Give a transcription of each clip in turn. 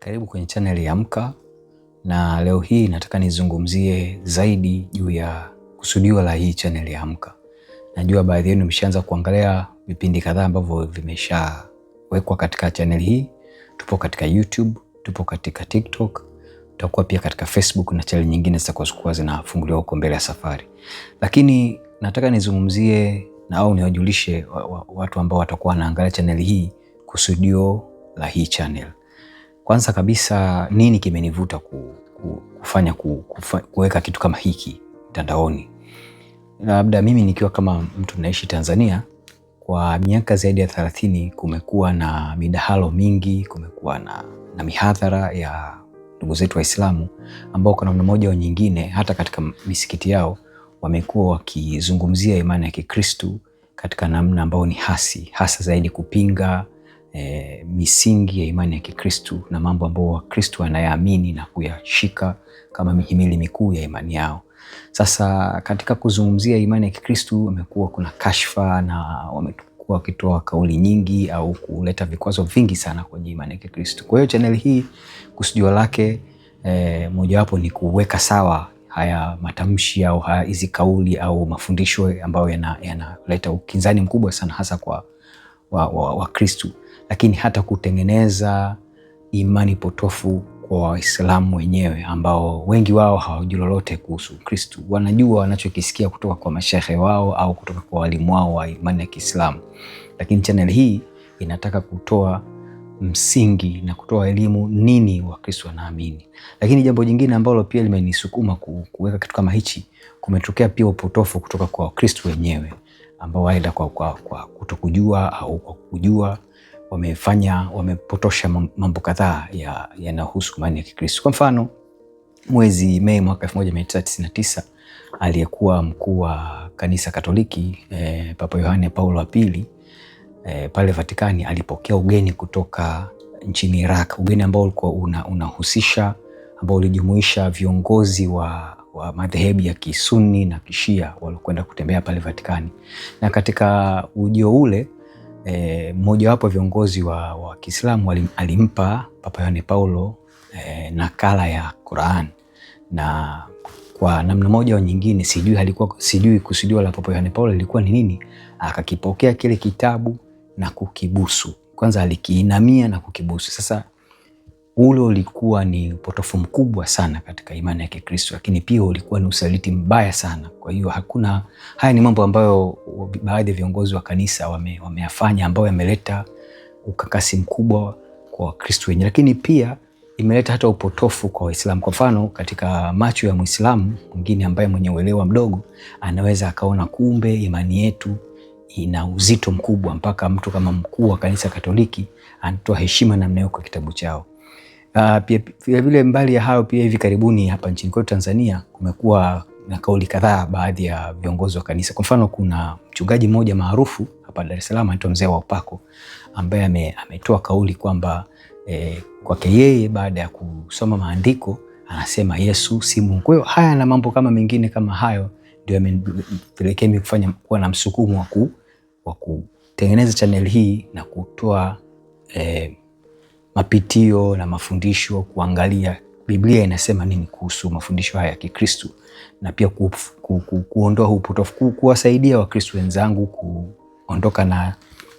Karibu kwenye chaneli ya Amka, na leo hii nataka nizungumzie zaidi juu ya kusudio la hii chaneli ya Amka. Najua baadhi yenu mshaanza kuangalia vipindi kadhaa ambavyo vimeshawekwa katika chaneli hii. Tupo katika YouTube, tupo katika TikTok, tutakuwa pia katika Facebook na chaneli nyingine zitakuwa zinafunguliwa huko mbele ya safari, lakini nataka nizungumzie na au niwajulishe watu ambao watakuwa wanaangalia chaneli hii kusudio la hii chaneli kwanza kabisa nini kimenivuta ku, ku, kufanya ku, kufa, kuweka kitu kama hiki mtandaoni? Labda mimi nikiwa kama mtu naishi Tanzania kwa miaka zaidi ya thelathini, kumekuwa na midahalo mingi, kumekuwa na, na mihadhara ya ndugu zetu Waislamu ambao kwa namna moja au nyingine hata katika misikiti yao wamekuwa wakizungumzia imani ya Kikristu katika namna ambayo ni hasi, hasa zaidi kupinga e, misingi ya imani ya Kikristu na mambo ambayo Wakristu wanayaamini na kuyashika kama mihimili mikuu ya imani yao. Sasa katika kuzungumzia imani ya Kikristu wamekuwa kuna kashfa na wamekuwa wakitoa kauli nyingi au kuleta vikwazo vingi sana kwenye imani ya Kikristu. Kwa hiyo chaneli hii kusudio lake e, mojawapo ni kuweka sawa haya matamshi au hizi kauli au mafundisho ambayo yanaleta yana ukinzani mkubwa sana hasa kwa Wakristu wa, wa lakini hata kutengeneza imani potofu kwa Waislamu wenyewe ambao wengi wao hawajui lolote kuhusu kristu Wanajua wanachokisikia kutoka kwa mashehe wao au kutoka kwa walimu wao wa imani ya Kiislamu, lakini chaneli hii inataka kutoa msingi na kutoa elimu nini Wakristo wanaamini. Lakini jambo jingine ambalo pia limenisukuma kuweka kitu kama hichi, kumetokea pia upotofu kutoka kwa Wakristo wenyewe ambao aidha kwa, kwa, kwa kutokujua au kwa kujua wamefanya wamepotosha mambo kadhaa yanahusu imani ya Kikristo. Kwa mfano, mwezi Mei mwaka 1999 aliyekuwa mkuu wa kanisa Katoliki e, Papa Yohane Paulo wa pili e, pale Vatikani alipokea ugeni kutoka nchini Iraq, ugeni ambao ulikuwa unahusisha una ambao ulijumuisha viongozi wa, wa madhehebu ya Kisuni na Kishia waliokwenda kutembea pale Vatikani, na katika ujio ule mmojawapo eh, wa viongozi wa, wa Kiislamu alimpa Papa Yohane Paulo e, nakala ya Qur'an na kwa namna moja au nyingine, sijui halikuwa sijui kusudiwa la Papa Yohane Paulo lilikuwa ni nini, akakipokea kile kitabu na kukibusu kwanza, alikiinamia na kukibusu. Sasa ule ulikuwa ni upotofu mkubwa sana katika imani ya Kikristo, lakini pia ulikuwa ni usaliti mbaya sana. Kwa hiyo hakuna, haya ni mambo ambayo baadhi ya viongozi wa kanisa wame, wameyafanya ambayo yameleta ukakasi mkubwa kwa Wakristo wenyewe, lakini pia imeleta hata upotofu kwa Waislamu. Kwa mfano, katika macho ya Mwislamu mwingine ambaye mwenye uelewa mdogo anaweza akaona kumbe imani yetu ina uzito mkubwa mpaka mtu kama mkuu wa kanisa Katoliki anatoa heshima namna hiyo kwa kitabu chao. Uh, pia vilevile mbali ya hayo pia hivi karibuni hapa nchini kwetu Tanzania kumekuwa na kauli kadhaa baadhi ya viongozi wa kanisa. Kwa mfano, kuna mchungaji mmoja maarufu hapa Dar es Salaam anaitwa Mzee wa Upako ambaye ame, ametoa kauli kwamba eh, kwake yeye baada ya kusoma maandiko anasema Yesu si Mungu. Kwa hiyo haya na mambo kama mengine kama hayo ndio yamenipelekea mimi kufanya kuwa na msukumo wa kutengeneza chaneli hii na kutoa eh, mapitio na mafundisho, kuangalia Biblia inasema nini kuhusu mafundisho haya ya Kikristo na pia ku, ku, ku, kuondoa huu potofu ku, kuwasaidia Wakristo wenzangu kuondoka na,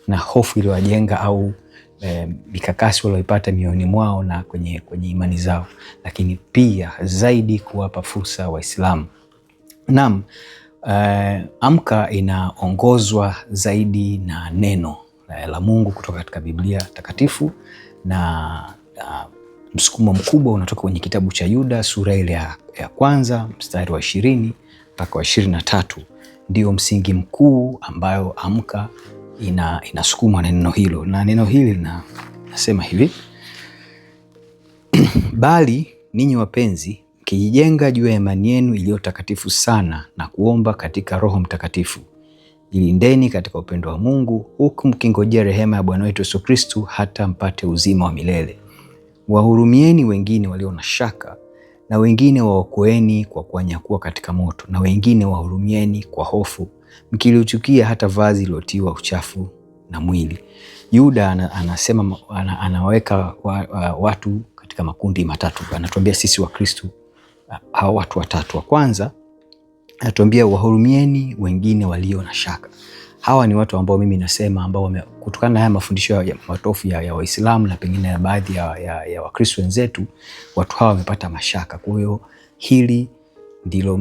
na hofu iliyowajenga au eh, mikakasi walioipata mioyoni mwao na kwenye, kwenye imani zao, lakini pia zaidi kuwapa fursa Waislamu. Naam, eh, Amka inaongozwa zaidi na neno eh, la Mungu kutoka katika Biblia takatifu na uh, msukumo mkubwa unatoka kwenye kitabu cha Yuda sura ile ya, ya kwanza mstari wa ishirini mpaka wa ishirini na tatu ndio msingi mkuu ambayo Amka ina, inasukumwa na neno hilo, na neno hili na, nasema hivi bali ninyi wapenzi, mkijijenga juu ya imani yenu iliyo takatifu sana na kuomba katika Roho Mtakatifu Jilindeni katika upendo wa Mungu huku mkingojea rehema ya Bwana wetu Yesu Kristu hata mpate uzima wa milele. Wahurumieni wengine walio na shaka, na wengine waokoeni kwa kuwanyakua katika moto, na wengine wahurumieni kwa hofu, mkiliuchukia hata vazi lilotiwa uchafu na mwili. Yuda anasema ana, anaweka watu katika makundi matatu, anatuambia sisi Wakristu hawa watu watatu. Wa kwanza Anatuambia wahurumieni wengine walio na shaka. Hawa ni watu ambao mimi nasema ambao kutokana na haya mafundisho ya matofu ya, ya Waislamu na pengine ya baadhi ya, ya, ya Wakristo wenzetu, watu hawa wamepata mashaka. Kwa hiyo hili ndilo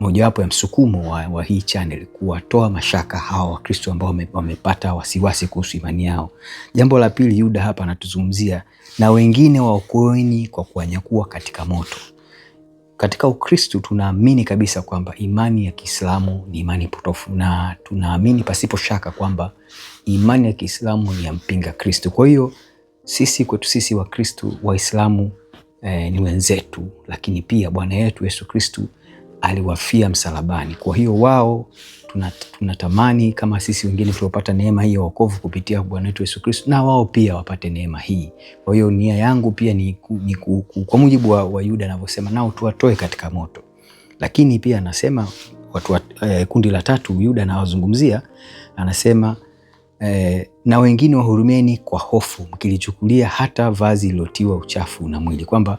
mojawapo ya msukumo wa, wa hii channel kuwatoa mashaka hawa Wakristo ambao wamepata wasiwasi kuhusu imani yao. Jambo la pili, Yuda hapa anatuzungumzia na wengine waokoeni kwa kuwanyakua katika moto. Katika Ukristu tunaamini kabisa kwamba imani ya Kiislamu ni imani potofu, na tunaamini pasipo shaka kwamba imani ya Kiislamu ni ya mpinga Kristu. Kwa hiyo sisi kwetu sisi Wakristu Waislamu eh, ni wenzetu, lakini pia Bwana yetu Yesu Kristu aliwafia msalabani. Kwa hiyo wao tunatamani tuna kama sisi wengine tuliopata neema hii ya wokovu kupitia Bwana wetu Yesu Kristo, na wao pia wapate neema hii. Kwa hiyo nia yangu pia ni, ni ku, ku, kwa mujibu wa, wa Yuda anavyosema, nao tuwatoe katika moto, lakini pia anasema watu, eh, kundi la tatu Yuda anawazungumzia, anasema eh, na wengine wahurumieni kwa hofu, mkilichukulia hata vazi lilotiwa uchafu na mwili, kwamba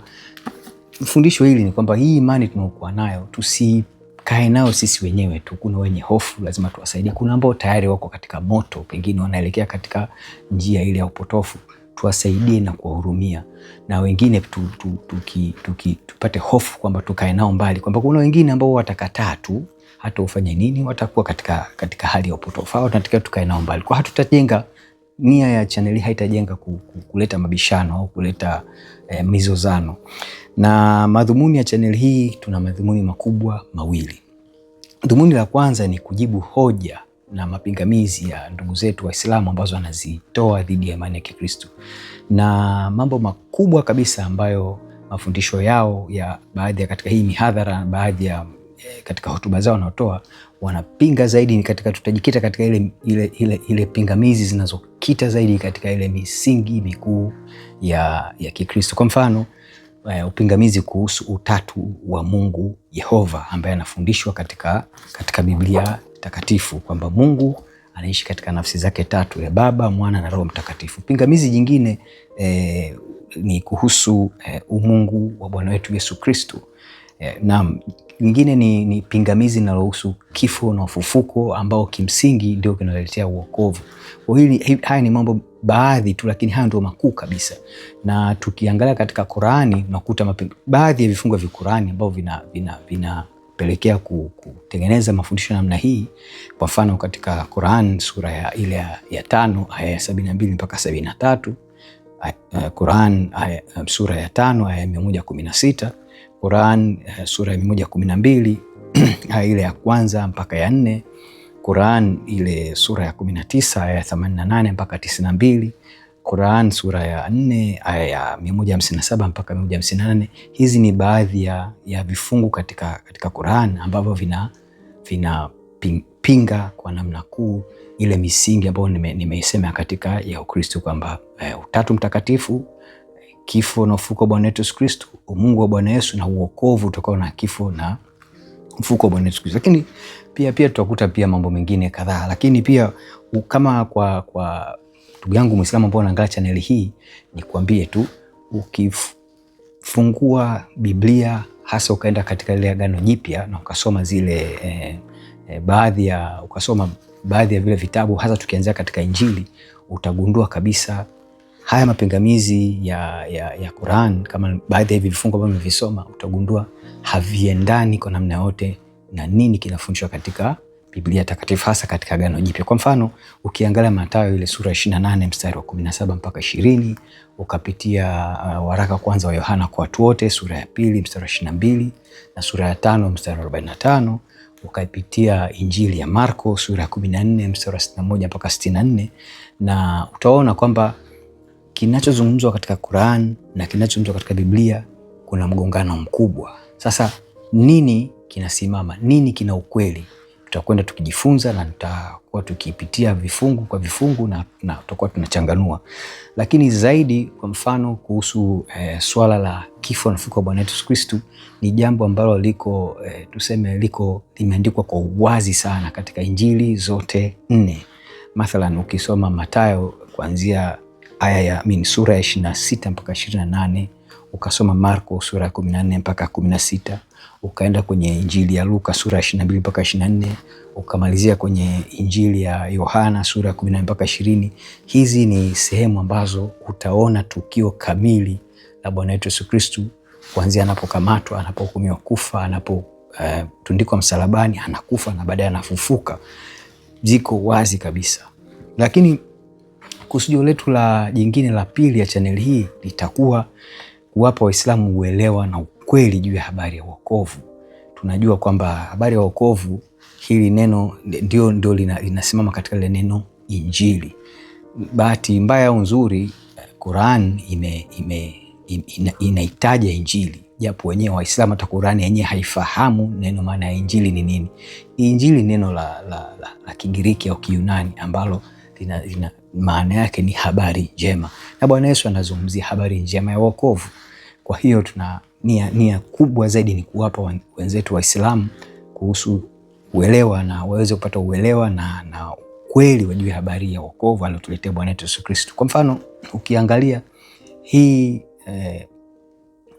fundisho hili ni kwamba hii imani tunaokuwa nayo tusikae nayo sisi wenyewe tu. Kuna wenye hofu, lazima tuwasaidie. Kuna ambao tayari wako katika moto, pengine wanaelekea katika njia ile ya upotofu, tuwasaidie na kuwahurumia. Na wengine tu, tu, tu, tu, tu, tupate hofu kwamba tukae nao mbali, kwamba kuna wengine ambao watakataa tu hata ufanye nini, watakuwa katika, katika hali ya upotofu. Hao tunatakiwa tukae nao mbali, kwa hatutajenga nia ya chaneli haitajenga kuleta mabishano au kuleta eh, mizozano na madhumuni ya chaneli hii, tuna madhumuni makubwa mawili. Dhumuni la kwanza ni kujibu hoja na mapingamizi ya ndugu zetu Waislamu ambazo wanazitoa dhidi ya imani ya Kikristo na mambo makubwa kabisa ambayo mafundisho yao ya baadhi ya katika hii mihadhara, baadhi ya eh, katika hotuba zao wanaotoa wanapinga zaidi ni katika, tutajikita katika ile, ile, ile, ile pingamizi zinazokita zaidi katika ile misingi mikuu ya, ya Kikristo. Kwa mfano uh, upingamizi kuhusu utatu wa Mungu Yehova ambaye anafundishwa katika, katika Biblia takatifu kwamba Mungu anaishi katika nafsi zake tatu ya Baba, Mwana na Roho Mtakatifu. Pingamizi jingine eh, ni kuhusu eh, umungu wa Bwana wetu Yesu Kristo. Eh, naam, nyingine ni, ni pingamizi linalohusu kifo na ufufuko ambao kimsingi ndio kinaletea uokovu. Kwa haya ni mambo baadhi tu, lakini haya ndio makuu kabisa. Na tukiangalia katika Qurani nakuta baadhi ya vifungo vya Qurani ambavyo vina, vina, vina pelekea kutengeneza mafundisho namna hii. Kwa mfano katika Quran sura ya ile ya, ya tano aya ya sabini na mbili mpaka sabini na tatu eh, Quran eh, sura ya tano aya ya mia moja kumi na sita Quran eh, sura ya mia moja kumi na mbili aya ile ya kwanza mpaka ya nne Quran ile sura ya 19 aya ya 88 mpaka 92, Quran sura ya 4 aya ya 157 mpaka 158. Hizi ni baadhi ya, ya vifungu katika, katika Quran ambavyo vina, vina ping, pinga kwa namna kuu ile misingi ambayo nimeisema nime katika ya Ukristo kwamba uh, Utatu Mtakatifu, kifo na ufuko wa Bwana wetu Yesu Kristo, umungu wa Bwana Yesu na uokovu utokao na kifo na mfuko wa Bwana Yesu Kristo. Lakini pia pia tutakuta pia mambo mengine kadhaa, lakini pia kama kwa kwa ndugu yangu Muislamu ambao anaangalia chaneli hii, nikwambie tu ukifungua Biblia hasa ukaenda katika ile Agano Jipya na ukasoma zile eh, eh, baadhi ya ukasoma baadhi ya vile vitabu hasa tukianzia katika Injili utagundua kabisa haya mapingamizi ya, ya, ya Quran kama baadhi ya hivi vifungu ambavyo umevisoma utagundua haviendani kwa namna yote na nini kinafundishwa katika Biblia takatifu hasa katika Agano Jipya. Kwa mfano, ukiangalia Mathayo ile sura 28 mstari wa 17 mpaka 20, ukapitia uh, waraka kwanza wa Yohana kwa watu wote sura ya pili mstari wa 22 na sura ya tano mstari wa 45, ukaipitia Injili ya Marko sura ya 14 mstari wa 61 mpaka 64, na utaona kwamba kinachozungumzwa katika Qur'an na kinachozungumzwa katika Biblia kuna mgongano mkubwa. Sasa nini kinasimama, nini kina ukweli. Tutakwenda tukijifunza na tutakuwa tukipitia vifungu kwa vifungu na, na tutakuwa tunachanganua, lakini zaidi kwa mfano kuhusu eh, swala la kifo na ufufuko wa Bwana Yesu ni jambo ambalo liko eh, tuseme liko limeandikwa kwa uwazi sana katika Injili zote nne. Mathalan, ukisoma Mathayo kuanzia aya ya mini sura ya ishirini na sita mpaka ishirini na nane ukasoma Marko sura ya kumi na nne mpaka kumi na sita ukaenda kwenye Injili ya Luka sura 22 mpaka 24, ukamalizia kwenye Injili ya Yohana sura 14 mpaka 20. Hizi ni sehemu ambazo utaona tukio kamili la Bwana wetu Yesu Kristu kuanzia anapokamatwa, anapohukumiwa kufa, anapotundikwa eh, uh, msalabani, anakufa na baadaye anafufuka, ziko wazi kabisa. Lakini kusudio letu la jingine la pili ya chaneli hii litakuwa kuwapa Waislamu uelewa na ukweli juu ya habari ya wokovu. Tunajua kwamba habari ya wokovu hili neno ndio, ndio linasimama katika lile neno Injili. Bahati mbaya au nzuri, Quran ime, ime, ina, inaitaja Injili japo wenyewe Waislamu hata Qurani yenyewe haifahamu neno maana ya injili ni nini. Injili neno la, la, la, la Kigiriki au Kiyunani ambalo lina, lina, maana yake ni habari njema, na Bwana Yesu anazungumzia habari njema ya wokovu. Kwa hiyo tuna nia, nia kubwa zaidi ni kuwapa wenzetu Waislamu kuhusu uelewa na waweze kupata uelewa na, na kweli wajue habari ya wokovu aliotuletea Bwana wetu Yesu Kristo. Kwa mfano ukiangalia hii eh,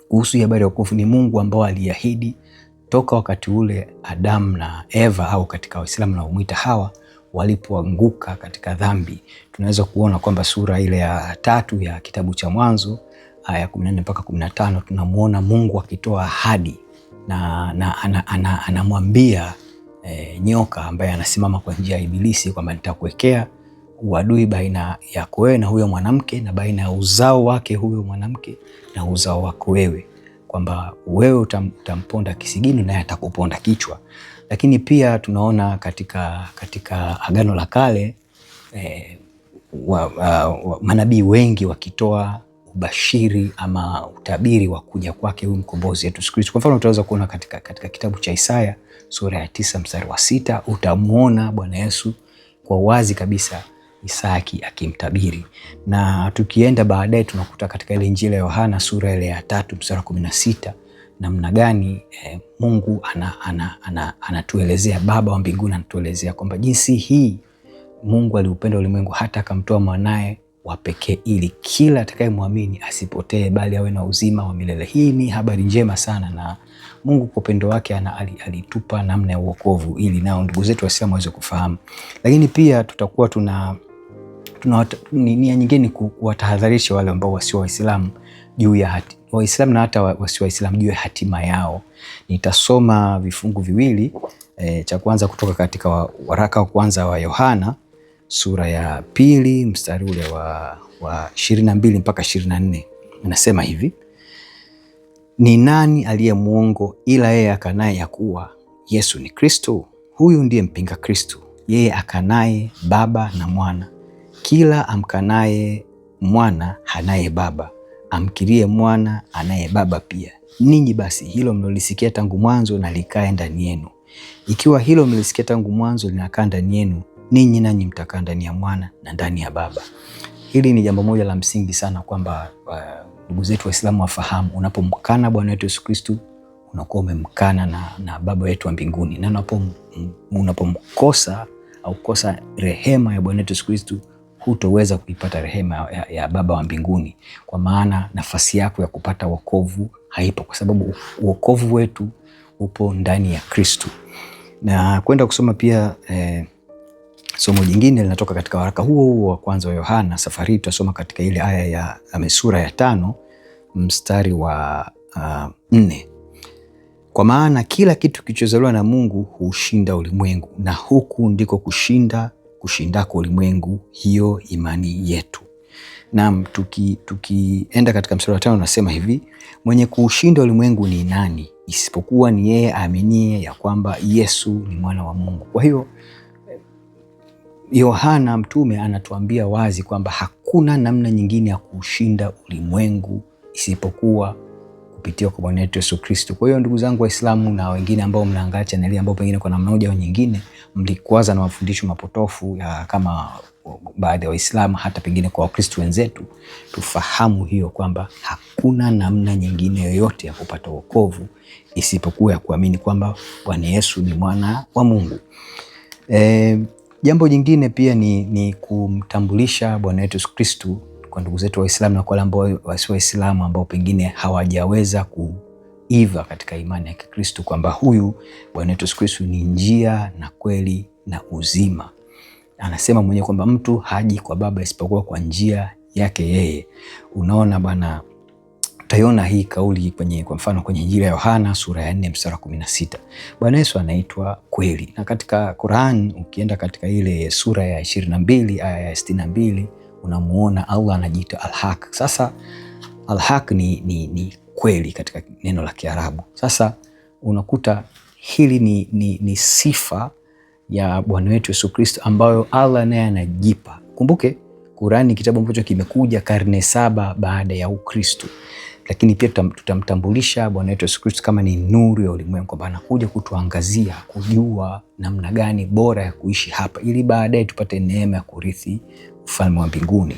kuhusu eh, habari ya wokovu ni Mungu ambao aliahidi toka wakati ule Adamu na Eva au katika Waislamu na umwita Hawa walipoanguka katika dhambi. Tunaweza kuona kwamba sura ile ya tatu ya kitabu cha Mwanzo aya kumi mpaka kumi na tano tunamwona Mungu akitoa ahadi na, na anamwambia ana, ana e, nyoka ambaye anasimama kwa njia ya Ibilisi kwamba nitakuwekea uadui baina yako wewe na huyo mwanamke na baina ya uzao wake huyo mwanamke na uzao wako wewe, kwamba wewe utamponda kisigino naye atakuponda kichwa. Lakini pia tunaona katika, katika Agano la Kale e, manabii wengi wakitoa ubashiri ama utabiri wa kuja kwake huyu mkombozi wetu Yesu Kristo. Kwa mfano utaweza kuona katika, katika kitabu cha Isaya sura ya tisa mstari wa sita utamwona Bwana Yesu kwa wazi kabisa Isaki akimtabiri, na tukienda baadaye tunakuta katika ile Injili ya Yohana sura ile ya tatu mstari wa kumi na sita namna gani eh, Mungu anatuelezea ana, ana, ana Baba wa mbinguni anatuelezea kwamba jinsi hii Mungu aliupenda ulimwengu hata akamtoa mwanaye wa pekee, ili kila atakayemwamini asipotee, bali awe na uzima wa milele. Hii ni habari njema sana, na Mungu kwa upendo wake alitupa namna ya uokovu, ili nao ndugu zetu wasiamu waweze kufahamu. Lakini pia tutakuwa tuna tuna nia nyingine kuwatahadharisha wale ambao wasio Waislamu juu ya hati, Waislamu na hata wasio Waislamu juu ya hatima yao. Nitasoma vifungu viwili e, cha kwanza kutoka katika waraka wa kwanza wa Yohana sura ya pili mstari ule wa, wa ishirini na mbili mpaka ishirini na nne inasema hivi: ni nani aliye mwongo ila yeye akanaye ya kuwa Yesu ni Kristo? Huyu ndiye mpinga Kristo, yeye akanaye Baba na Mwana. Kila amkanaye Mwana hanaye Baba, amkirie Mwana anaye Baba pia. Ninyi basi hilo mlolisikia tangu mwanzo na likae ndani yenu. Ikiwa hilo mlilisikia tangu mwanzo linakaa ndani yenu, ninyi nanyi mtakaa ndani ya mwana na ndani ya Baba. Hili ni jambo moja la msingi sana kwamba uh, ndugu uh, zetu Waislamu wafahamu, unapomkana Bwana wetu Yesu Kristu unakuwa umemkana na, na Baba yetu wa mbinguni, na unapomkosa au kukosa rehema ya Bwana wetu Yesu Kristu hutoweza kuipata rehema ya, ya Baba wa mbinguni, kwa maana nafasi yako ya kupata wokovu haipo, kwa sababu wokovu wetu upo ndani ya Kristu. Na kwenda kusoma pia eh, Somo jingine linatoka katika waraka huo huo wa kwanza wa Yohana. Safari hii tutasoma katika ile aya ya sura ya tano mstari wa uh, nne kwa maana kila kitu kilichozaliwa na Mungu huushinda ulimwengu, na huku ndiko kushinda kushindako ulimwengu, hiyo imani yetu. Naam, tukienda tuki katika mstari wa tano nasema hivi, mwenye kuushinda ulimwengu ni nani isipokuwa ni yeye aaminie ya kwamba Yesu ni mwana wa Mungu. Kwa hiyo Yohana mtume anatuambia wazi kwamba hakuna namna nyingine ya kuushinda ulimwengu isipokuwa kupitia kwa Bwana wetu Yesu Kristo. Kwa hiyo ndugu zangu Waislamu na wengine ambao mnaangalia chaneli ambao pengine kwa namna moja au nyingine mlikwaza na mafundisho mapotofu ya kama baadhi ya Waislamu hata pengine kwa Wakristo wenzetu, tufahamu hiyo kwamba hakuna namna nyingine yoyote ya kupata wokovu isipokuwa ya kuamini kwamba Bwana Yesu ni mwana wa Mungu. E, Jambo jingine pia ni, ni kumtambulisha Bwana wetu Yesu Kristu kwa ndugu zetu Waislamu na kwa wale ambao wasio Waislamu ambao pengine hawajaweza kuiva katika imani ya Kikristu kwamba huyu Bwana wetu Yesu Kristu ni njia na kweli na uzima. Anasema mwenyewe kwamba mtu haji kwa Baba isipokuwa kwa njia yake yeye. Unaona bwana Utaiona hii kauli kwenye, kwa mfano kwenye Injili ya Yohana sura ya 4 mstari wa sita. Bwana Yesu anaitwa kweli, na katika Quran ukienda katika ile sura ya 22 aya ya 62 unamuona Allah anajiita Al-Haq. Sasa al ni, ni, ni kweli katika neno la Kiarabu. Sasa unakuta hili ni, ni, ni sifa ya Bwana wetu Yesu Kristo ambayo Allah naye anajipa. Kumbuke Qurani ni kitabu ambacho kimekuja karne saba baada ya Ukristo lakini pia tutamtambulisha Bwana wetu Yesu Kristo kama ni nuru ya ulimwengu, kwamba anakuja kutuangazia kujua namna gani bora ya kuishi hapa, ili baadaye tupate neema ya kurithi ufalme wa mbinguni.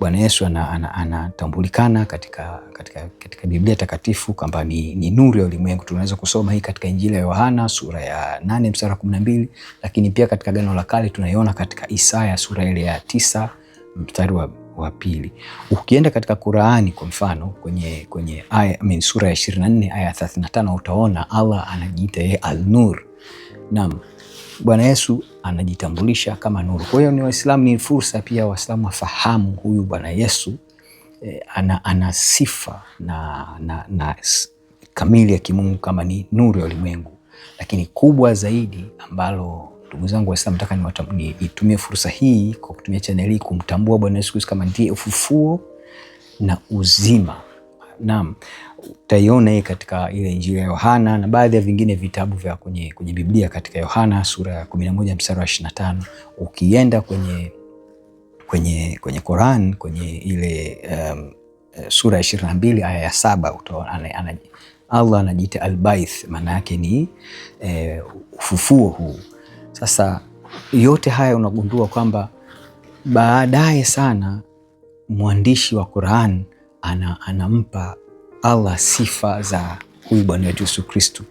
Bwana Yesu anatambulikana ana, ana katika, katika, katika Biblia Takatifu kwamba ni, ni nuru ya ulimwengu. Tunaweza kusoma hii katika Injili ya Yohana sura ya nane mstari wa kumi na mbili, lakini pia katika Agano la Kale tunaiona katika Isaya sura ile ya tisa mstari wa wa pili. Ukienda katika Qur'ani kwa mfano kwenye, kwenye aya, I mean, sura ya 24 aya 35 utaona Allah anajiita yeye Al-Nur. Naam. Bwana Yesu anajitambulisha kama nuru. Kwa hiyo ni Waislamu, ni fursa pia Waislamu wafahamu huyu Bwana Yesu eh, ana, ana sifa na, na, na kamili ya kimungu kama ni nuru ya ulimwengu, lakini kubwa zaidi ambalo Ndugu zangu Waislamu, nataka nitumie fursa hii kwa kutumia chaneli hii kumtambua Bwana Yesu Kristo kama ndiye ufufuo na uzima. Naam, utaiona hii katika ile Injili ya Yohana na baadhi ya vingine vitabu vya kwenye, kwenye Biblia katika Yohana sura ya 11 mstari wa 25. Ukienda kwenye, kwenye, kwenye Quran kwenye ile um, sura ya 22 aya ya saba utaona Allah anajiita Albaith, maana yake ni eh, ufufuo huu sasa yote haya unagundua kwamba baadaye sana mwandishi wa Quran ana, anampa Allah sifa za huyu Bwana wetu Yesu Kristu,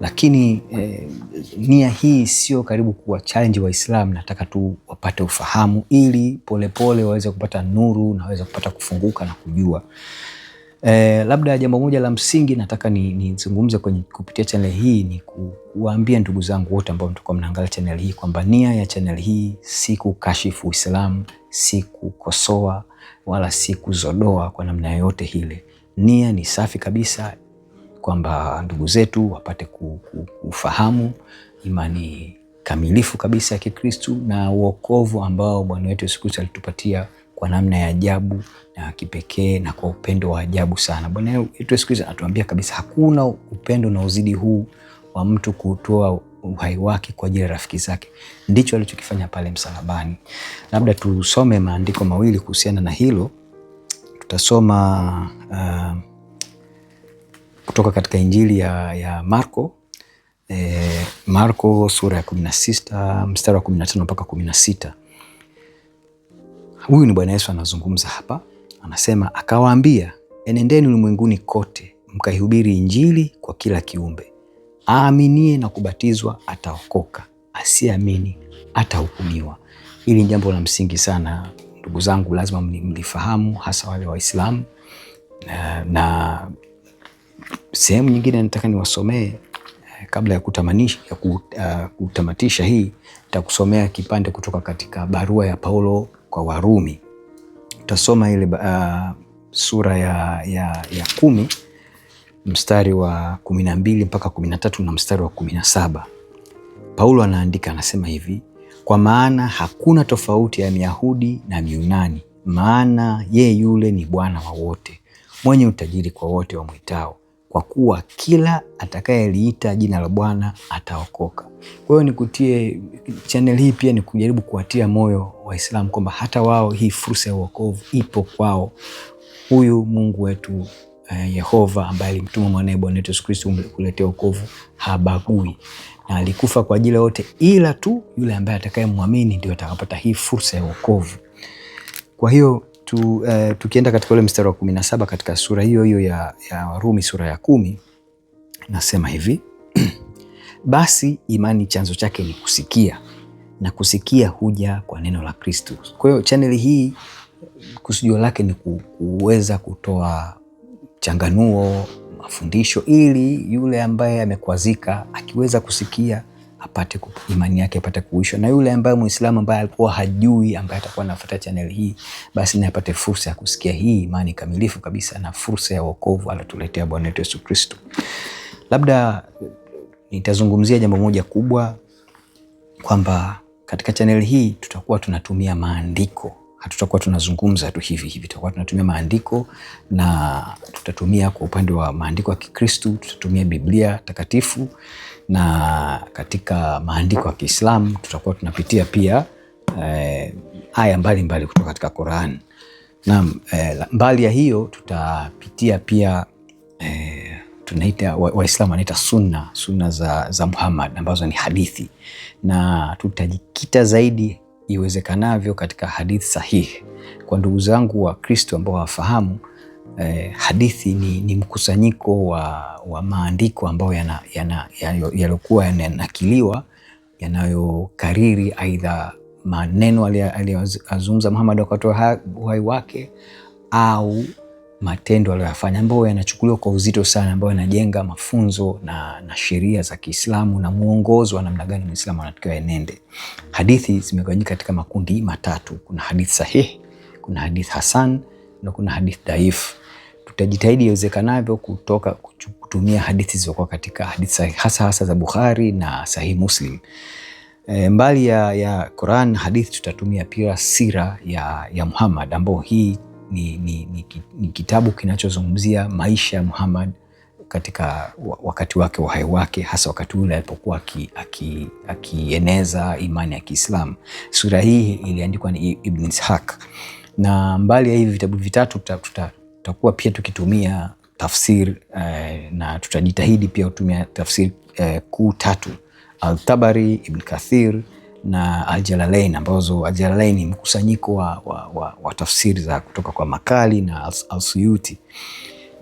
lakini eh, nia hii sio karibu kuwa challenge waislam Nataka tu wapate ufahamu ili polepole waweze kupata nuru na waweze kupata kufunguka na kujua Eh, labda jambo moja la msingi nataka nizungumze ni kwenye kupitia channel hii ni kuwaambia ndugu zangu wote ambao mtakuwa mnaangalia channel hii kwamba nia ya channel hii si kukashifu Uislamu, si kukosoa wala si kuzodoa kwa namna yoyote ile. Nia ni safi kabisa kwamba ndugu zetu wapate kufahamu imani kamilifu kabisa ya Kikristu na uokovu ambao Bwana wetu Yesu alitupatia kwa namna ya ajabu na kipekee na kwa upendo wa ajabu sana. Bwana wetu siku hizi anatuambia kabisa hakuna upendo na uzidi huu wa mtu kutoa uhai wake kwa ajili ya rafiki zake. Ndicho alichokifanya pale msalabani. Labda tusome maandiko mawili kuhusiana na hilo. Tutasoma uh, kutoka katika Injili ya, ya Marko eh, Marko sura ya 16 mstari wa 15 mpaka sita Huyu ni Bwana Yesu anazungumza hapa, anasema akawaambia, enendeni ulimwenguni kote mkaihubiri Injili kwa kila kiumbe. Aaminie na kubatizwa ataokoka, asiamini atahukumiwa. Hili ni jambo la msingi sana ndugu zangu, lazima mlifahamu, hasa wale Waislamu na, na sehemu nyingine nataka niwasomee eh, kabla ya kutamanisha, ya uh, kutamatisha hii nitakusomea kipande kutoka katika barua ya Paulo kwa Warumi. Utasoma ile uh, sura ya, ya, ya kumi mstari wa kumi na mbili mpaka kumi na tatu na mstari wa kumi na saba Paulo anaandika anasema hivi: kwa maana hakuna tofauti ya Myahudi na Myunani, maana yeye yule ni Bwana wa wote, mwenye utajiri kwa wote wamwitao kwa kuwa kila atakayeliita jina la Bwana ataokoka. Kwa hiyo nikutie channel hii pia ni kujaribu kuwatia moyo Waislamu kwamba hata wao hii fursa ya uokovu ipo kwao. Huyu Mungu wetu eh, Yehova ambaye alimtuma mwanae Bwana wetu Yesu Kristo kuletea wokovu habagui na alikufa kwa ajili yote, ila tu yule ambaye atakayemwamini ndio atakapata hii fursa ya wokovu. Kwa hiyo tu, uh, tukienda katika ule mstari wa kumi na saba katika sura hiyo hiyo ya, ya Warumi sura ya kumi nasema hivi basi imani chanzo chake ni kusikia na kusikia huja kwa neno la Kristo. Kwa hiyo chaneli hii kusudio lake ni kuweza kutoa changanuo, mafundisho ili yule ambaye amekwazika akiweza kusikia apate imani yake apate kuishwa, na yule ambaye Muislamu ambaye alikuwa hajui, ambaye atakuwa anafuata chaneli hii, basi ni apate fursa ya kusikia hii imani kamilifu kabisa na fursa ya wokovu alotuletea Bwana wetu Yesu Kristo. Labda eh, nitazungumzia jambo moja kubwa kwamba katika chaneli hii tutakuwa tunatumia maandiko, hatutakuwa tunazungumza tu hivi hivi, tutakuwa tunatumia maandiko na tutatumia kwa upande wa maandiko ya Kikristu, tutatumia Biblia takatifu na katika maandiko ya Kiislamu tutakuwa tunapitia pia eh, aya mbalimbali kutoka katika Qur'an. Naam, eh, mbali ya hiyo tutapitia pia eh, tunaita Waislamu wa wanaita sunna sunna za, za Muhammad ambazo ni hadithi, na tutajikita zaidi iwezekanavyo katika hadithi sahihi. Kwa ndugu zangu wa Kristo ambao hawafahamu eh, hadithi ni, ni mkusanyiko wa, wa maandiko ambayo yaliokuwa yana, yananakiliwa yanayokariri aidha maneno aliyoazungumza Muhammad wakati wa uhai wake au matendo aliyoyafanya ambayo yanachukuliwa kwa uzito sana, ambayo yanajenga mafunzo na, na sheria za Kiislamu na mwongozo wa namna gani Muislamu anatakiwa enende. Hadithi zimegawanyika katika makundi matatu: kuna hadithi sahihi, kuna hadithi hasan na kuna hadithi dhaifu tutajitahidi iwezekanavyo kutoka kutumia hadithi zilizokuwa katika hadithi hasa hasa za Bukhari na Sahihi Muslim. E, mbali ya, ya Quran hadithi tutatumia pia sira ya, ya Muhammad ambao hii ni, ni, ni, ni kitabu kinachozungumzia maisha ya Muhammad katika wakati wake wa uhai wake, hasa wakati ule alipokuwa akieneza aki imani ya Kiislamu. Sura hii iliandikwa ni Ibn Ishaq, na mbali ya hivi vitabu vitatu tuta, tuta, tutakuwa pia tukitumia tafsiri eh, na tutajitahidi pia kutumia tafsiri eh, kuu tatu Altabari, Ibn Kathir na Aljalalain, ambazo Aljalalain ni mkusanyiko wa, wa, wa, wa tafsiri za kutoka kwa Makali na Alsuyuti.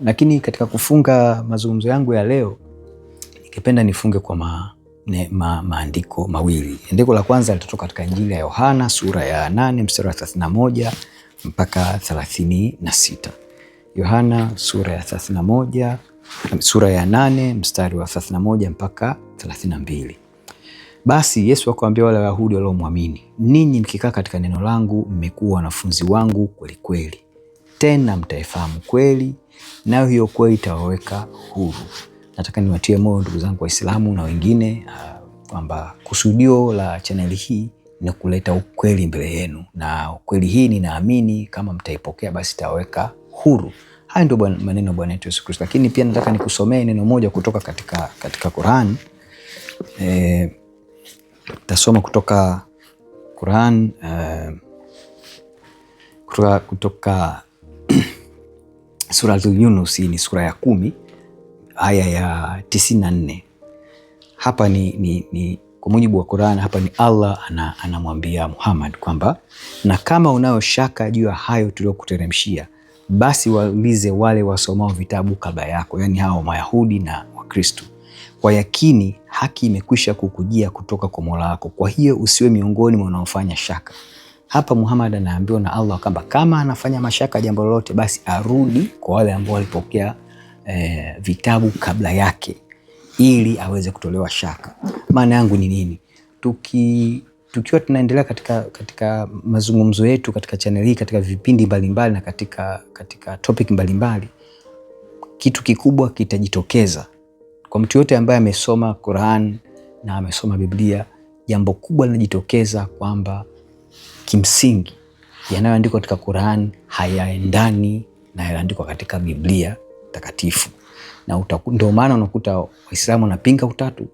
Lakini katika kufunga mazungumzo yangu ya leo, ningependa nifunge kwa ma, ne, ma, maandiko mawili. Andiko la kwanza litatoka katika Injili ya Yohana sura ya 8 mstari wa 31 mpaka 36. Yohana sura ya 31 sura ya 8 mstari wa 31 mpaka 32. Basi Yesu akawaambia wale Wayahudi waliomwamini, ninyi mkikaa katika neno langu mmekuwa wanafunzi wangu kweli kweli, tena mtaifahamu kweli, nayo hiyo kweli itawaweka huru. Nataka niwatie moyo ndugu zangu Waislamu na wengine ah, kwamba kusudio la chaneli hii ni kuleta ukweli mbele yenu, na ukweli hii ninaamini kama mtaipokea, basi itawaweka huru. Haya ndio maneno Bwana wetu Yesu Kristo. Lakini pia nataka nikusomee neno moja kutoka katika, katika Qur'an. E, eh, tasoma kutoka Qur'an e, kutoka, kutoka Suratul Yunus ni sura ya kumi aya ya tisini na nne. Hapa ni, ni, ni kwa mujibu wa Qur'an, hapa ni Allah anamwambia ana Muhammad kwamba na kama unayo shaka juu ya hayo tuliyokuteremshia basi waulize wale wasomao vitabu kabla yako, yaani hao Mayahudi na Wakristo. Kwa yakini haki imekwisha kukujia kutoka kwa Mola wako, kwa hiyo usiwe miongoni mwa wanaofanya shaka. Hapa Muhammad anaambiwa na Allah kwamba kama anafanya mashaka jambo lolote, basi arudi kwa wale ambao walipokea eh, vitabu kabla yake ili aweze kutolewa shaka. Maana yangu ni nini? tuki tukiwa tunaendelea katika, katika mazungumzo yetu katika chanel hii katika vipindi mbalimbali na katika, katika topic mbalimbali kitu kikubwa kitajitokeza kwa mtu yote ambaye amesoma Qur'an na amesoma Biblia. Jambo kubwa linajitokeza kwamba kimsingi yanayoandikwa katika Qur'an hayaendani na yanaandikwa katika Biblia takatifu, na ndio maana unakuta Waislamu wanapinga utatu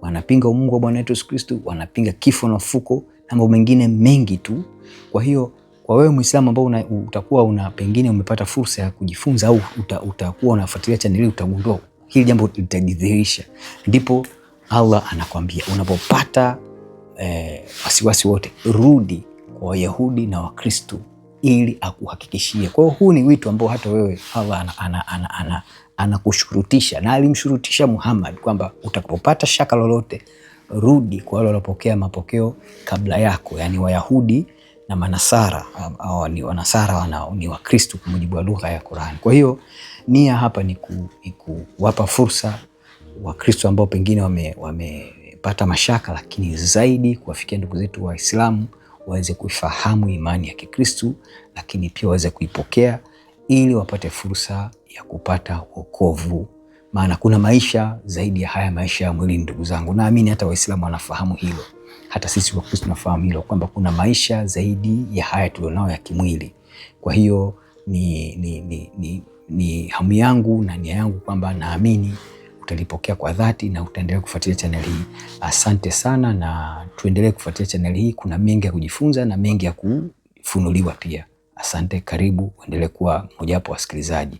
wanapinga umungu wa Bwana wetu Yesu Kristu, wanapinga kifo na ufuko na mambo mengine mengi tu. Kwa hiyo kwa wewe Muislamu ambao una, utakuwa una pengine umepata fursa ya kujifunza au uta, utakuwa unafuatilia chaneli, utagundua hili jambo litajidhihirisha. Ndipo Allah anakwambia unapopata eh, wasiwasi wote, rudi kwa Wayahudi na Wakristu ili akuhakikishie. Kwa hiyo huu ni wito ambao hata wewe Allah ana, ana, ana, ana, anakushurutisha na alimshurutisha Muhammad kwamba utakapopata shaka lolote rudi kwa wale waliopokea mapokeo kabla yako, yani Wayahudi na Manasara au ni Wanasara wana ni Wakristo kwa mujibu wa lugha ya Qur'an. Kwa hiyo nia hapa ni kuwapa fursa wakristu ambao pengine wamepata wame mashaka, lakini zaidi kuwafikia ndugu zetu Waislamu waweze kuifahamu imani ya Kikristo, lakini pia waweze kuipokea ili wapate fursa ya kupata wokovu, maana kuna maisha zaidi ya haya maisha ya mwili. Ndugu zangu, naamini hata Waislamu wanafahamu hilo, hata sisi Wakristo tunafahamu hilo kwamba kuna maisha zaidi ya haya tulionao ya kimwili. Kwa hiyo ni, ni, ni, ni, ni hamu yangu na nia yangu kwamba naamini utalipokea kwa dhati na utaendelea kufuatilia chaneli hii. Asante sana, na tuendelee kufuatilia chaneli hii. Kuna mengi ya kujifunza na mengi ya kufunuliwa pia. Asante, karibu uendelee kuwa mojawapo wasikilizaji.